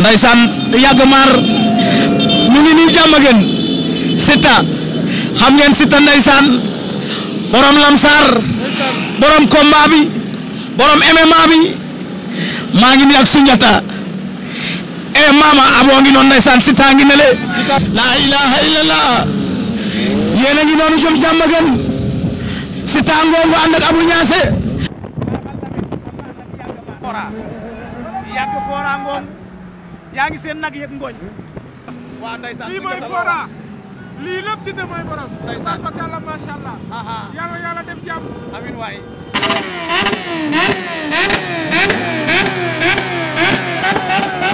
ndaysaan yàgg maar mu ngi nii jàmm ngeen Siteu xam ngeen Siteu ndaysaan borom lamsaar borom combat borom MMA bi maa ngi nii ak Sunjata e mama aboo ngi noonu ndaysaan Siteu ngi ne le laa ilaaha illallah yéen ngi noonu jom jàmm ngeen Siteu ngoongu ànd ak Abou Niasse Fora yaa ngi seen nag yëg ngooñ. waaw ndeysaan lii mooy lii lépp si te mooy borom. ndeysaan sant allah. yàlla yàlla dem jàmm. amiin waay. Thank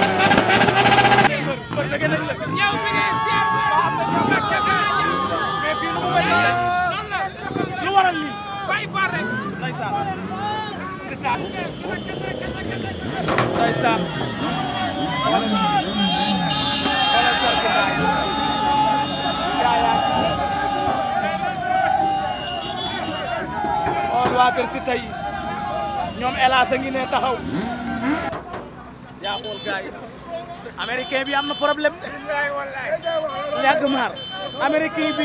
you. waa kër Siteu ñoom Elas ngi ne taxaw yaa xool gars yi bi am na problème yàgg maar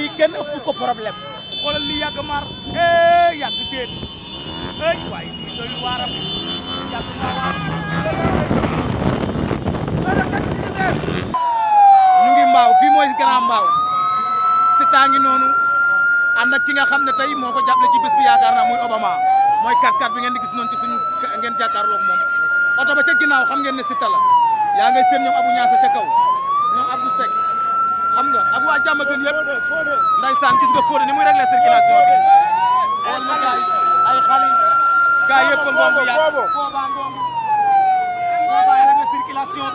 bi kenn ëpp ko problème li yàgg maar eh yàgg déet waay lii doy ngi mbaaw fii mooy grand mbaaw Siteu a ngi noonu ànd na ki nga xam ne tey moo ko jàppale ci bés bi yaakaar naa muy Obama mooy 4 bi ngeen di gis noonu ci suñu ngeen jàkkaarloog moom oto ba ca ginnaaw xam ngeen ne Siteu la yaa ngay seen ñoom Abou Niasse ca kaw ñoom Abdou Seck xam nga ak a Diamaguène yëpp ndeysaan gis nga Fodé ni muy réglé circulation bi wala ay xali gaa yëpp ngoom bi yàgg boobaa ngoom boobaa réglé circulation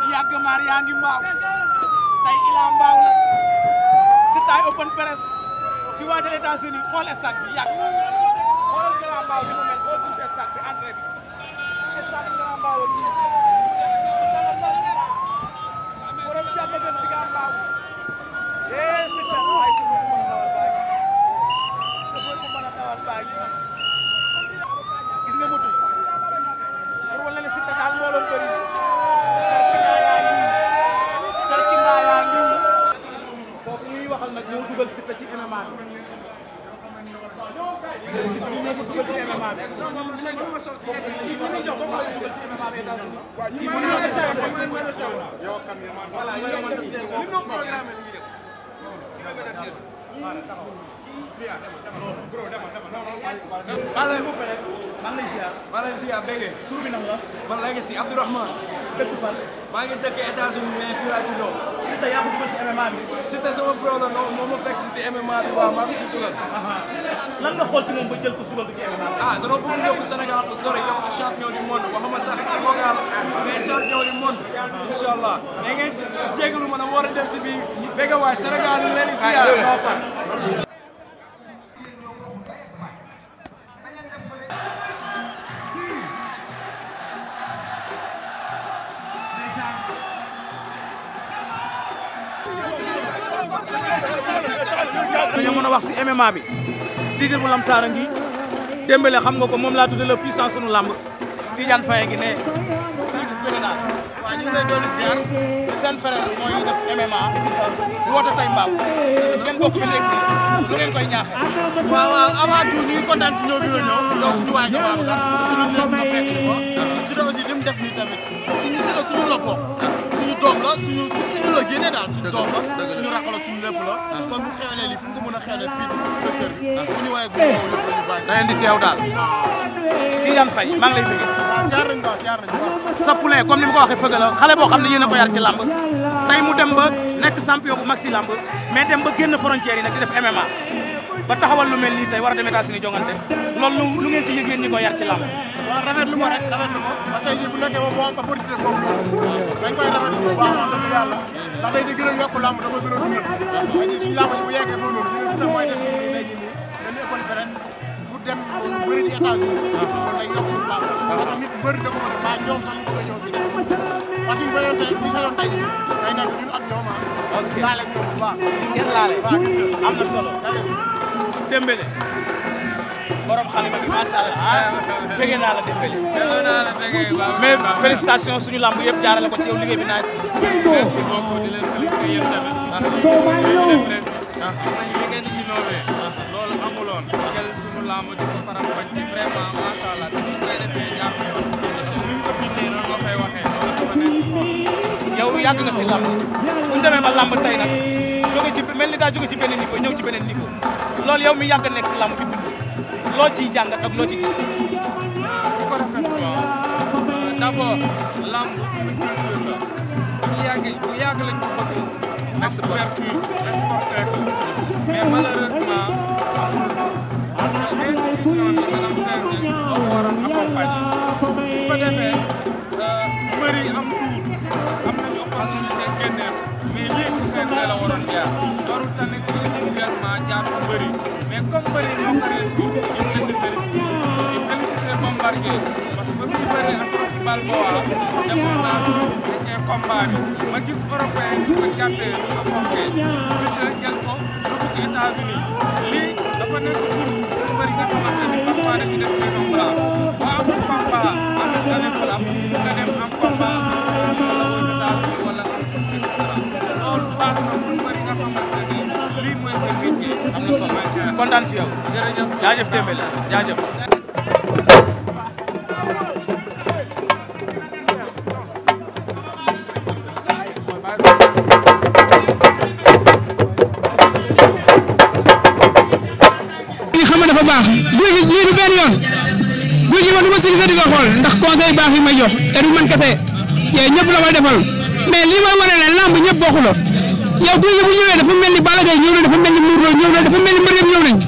bi yàgg maar yaa ngi mbaaw résultat yi open press di waajal États-Unis xool stade bi yàgg xoolal Grand Mbao bi mu mel xool tuuti stade bi entrée bi stade bi Grand Mbao bi borom jàmm gën si Grand Mbao voilà ñu ne ñu non programme bi ñu def. Malaysia Malaysia bëgg tur bi nan la man léegi si Abdourahmane dëkk fan maa ngi dëkk États-Unis mais fii laa juddoo Siteu yaa ko dugal si MMA bi Siteu sama problème moom moo ma fekk si MMA bi waaw maa ngi si dugal lan nga xool ci moom ba jël ko dugal ko ci MMA ah danoo bëgg yóbbu Sénégal bu sori yóbbu ko champion du monde waxuma sax local mais champion du monde incha allah da ngeen ma dama ñu leen di siyaar a wax si MMA bi titre bu lamsaara ngi Dembélé xam nga ko moom laa tuddee la puissance sunu làmb Tidiane Faye gi ne bëgg naa waaw ñu ngi lay dolli ziar seen frère mooy def MMA woote tey mbaaw ngeen bokk ba léegi lu ngeen koy ñaaxee. waaw waaw avant tout ñu ngi kontaan si ñëw bi nga ñëw jox suñu waa Jokalante suñu nekk nga fekk ñu fa. fu mu ko mën a xeelee fii ci secteur bi. bu ñu waaye bu ñu woo yëpp ñu da teew daal. Tidiane Faye maa ngi lay bëggee. waaw ah, siyaar nañu waaw siyaar nañu waaw. sa poulain comme ni ma ko waxee xale boo xam ne yéen a ko yar ci làmb tey mu dem ba nekk champion bu mag si làmb mais dem ba génn frontière yi nag di def MMA. ba taxawal lu mel nii tey war a demee seen i jongante loolu lu ngeen ci yëg yéen ñi ko yar ci làmb. waaw rafetlu ko rek rafetlu ko parce que bu nekkee moom moo am opportunité boobu noonu dañ koy rafetlu bu baax wax dëgg yàlla ndax day di gën a yokk làmb da koy gën a dundal tey jii suñu làmb ji bu yeggee foofu noonu ñu ne si tam mooy def fii nii tey jii nii benn école presse pour dem bëri ci États-Unis loolu day yokk suñu làmb parce que nit bëri da ko mën a maa ñoom sax ñu bëgg a ñëw ci def parce que ñu bayoon tey ñu sañoon tey jii day nekk ñun ak ñoom ah laale ak ñoom bu baax laale waaw gis nga am na solo Dembélé borom xalima gi macha allah ah, naa la Dembélé. mais félicitation suñu lamb yëpp jaarale ko ci yow liggéey bi naa si. merci beaucoup ko faram fàcce vraiment macha allah te ñu koy defee ñaar yoon. parce que ko si moom. yow demee ba lamb tey nag jóge mel ni daa jóge ci beneen niveau ñëw ci beneen niveau. loolu yow mi yàgg nekk si làmb bi ci ciy jàngat ak loo ciy gis. bu ko rafetlu waaw d'abord làmb suñu culture la bu yàgg bu yàgg lañ ko bëgg. ak sa couverture exporté ko. Balboa demoon naa Suisse fekkee combat bi ma gis européen ñu ko jàppee ñu ko fonkee Siteu jël ko yóbbu ko États-Unis lii dafa nekk pour mbër yi nga xamante ni parfois dañuy def saison blanche boo amul combat amul année blanche nga dem am combat wala aux États-Unis wala am Suisse et cetera loolu baax na pour mbër yi nga xamante ni lii mooy seen métier am na solo kontaan si yow jërëjëf jaajëf Dembélé jaajëf baax guy gi lii du benn yoon guy gi man du ma sëgg sa di xool ndax conseil baax yi ma jox te du man kese yooyu ñëpp la ma defal mais lii may wane ne lamb ñëpp bokku la yow guy gi bu ñëwee dafa mel ni Balla Gaye ñëw na dafa mel ni Modou Lo ñëw na dafa mel ni mbër yëpp ñëw nañ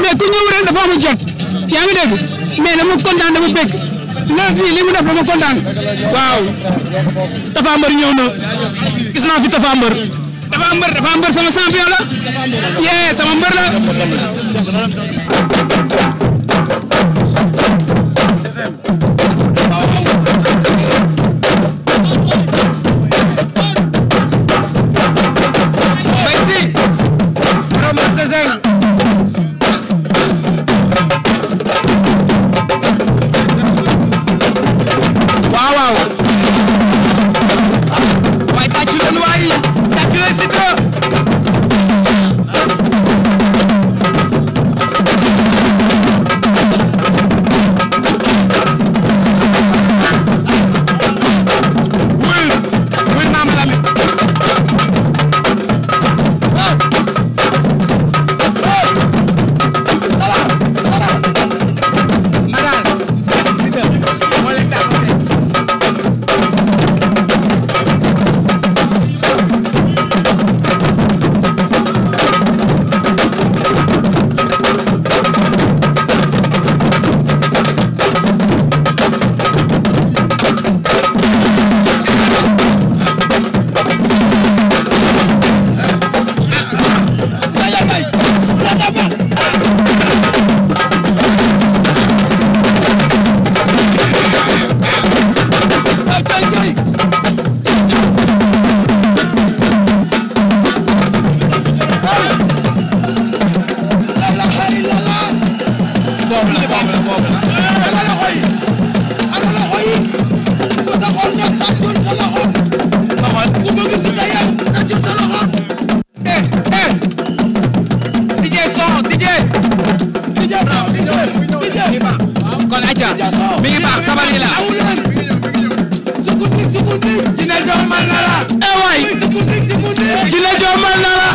mais ku ñëw ren dafa am jot yaa ngi dégg na dama kontaan dama bëgg neuf bi li mu def dama kontaan waaw Tafa Mbër ñëw na gis naa fi Tafa dafa mbër dafa mbër sama champion la yee sama mbër la aja mi ngi baax sabali la sukundi sukundi dina jomal na la e waay dina jomal na la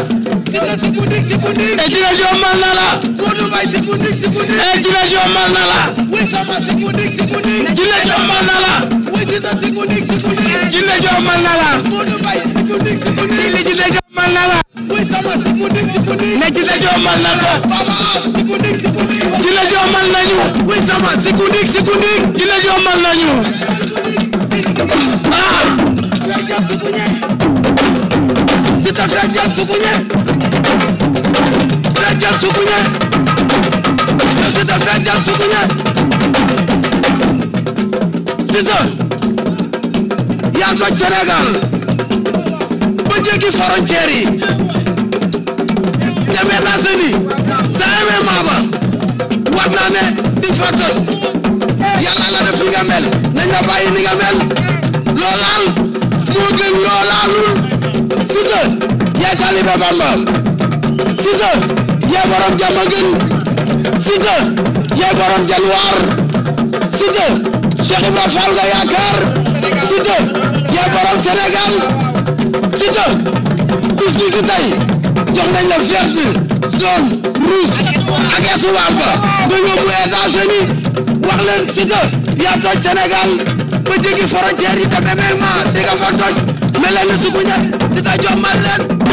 e ne ci la joomal na ko ci la joomal nañu sikundik sikundik ci la joomal nañu ah c'est ça frajal sukuñe frajal sukuñe c'est ça frajal sukuñe c'est ça yaa toj Sénégal ba jéggi frontière yi te maintenant sëñ sa amee maaba war naa ne di fa toj yàlla la def li nga mel nañ la bàyyi ni nga mel loo laal moo gën loo laalul Siteu yaay taalibe Bamba Siteu yaay borom jàmm gën Siteu yaay borom janwaar Siteu Cheikh Ibrahima Fall nga yaakaar Siteu yaay borom Sénégal Siteu bis ni ki tey jox nañ la verte zone rouge ak étoile ba nga yóbbu États-Unis wax leen Siteu yaa toj Sénégal ba jéggi frontière yi te MMA di nga fa toj mel leen ne suku leen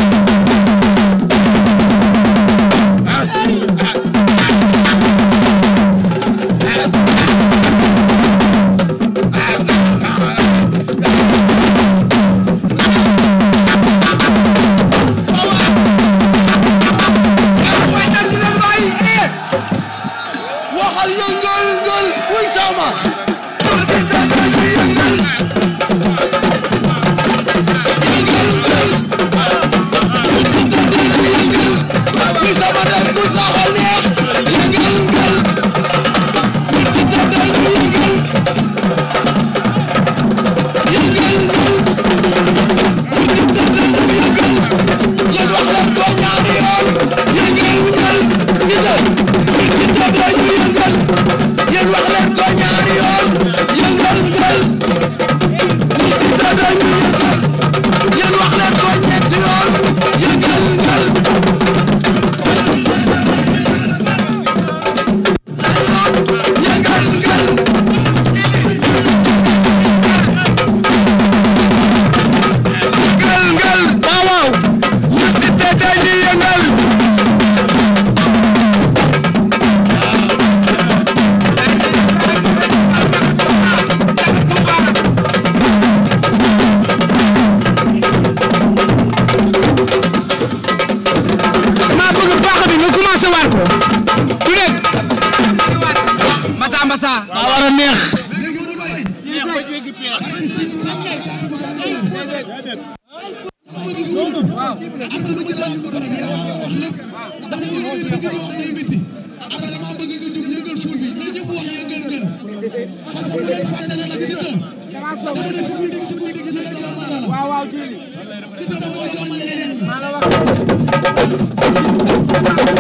fàtte ne si politique si politique si la joomal la waaw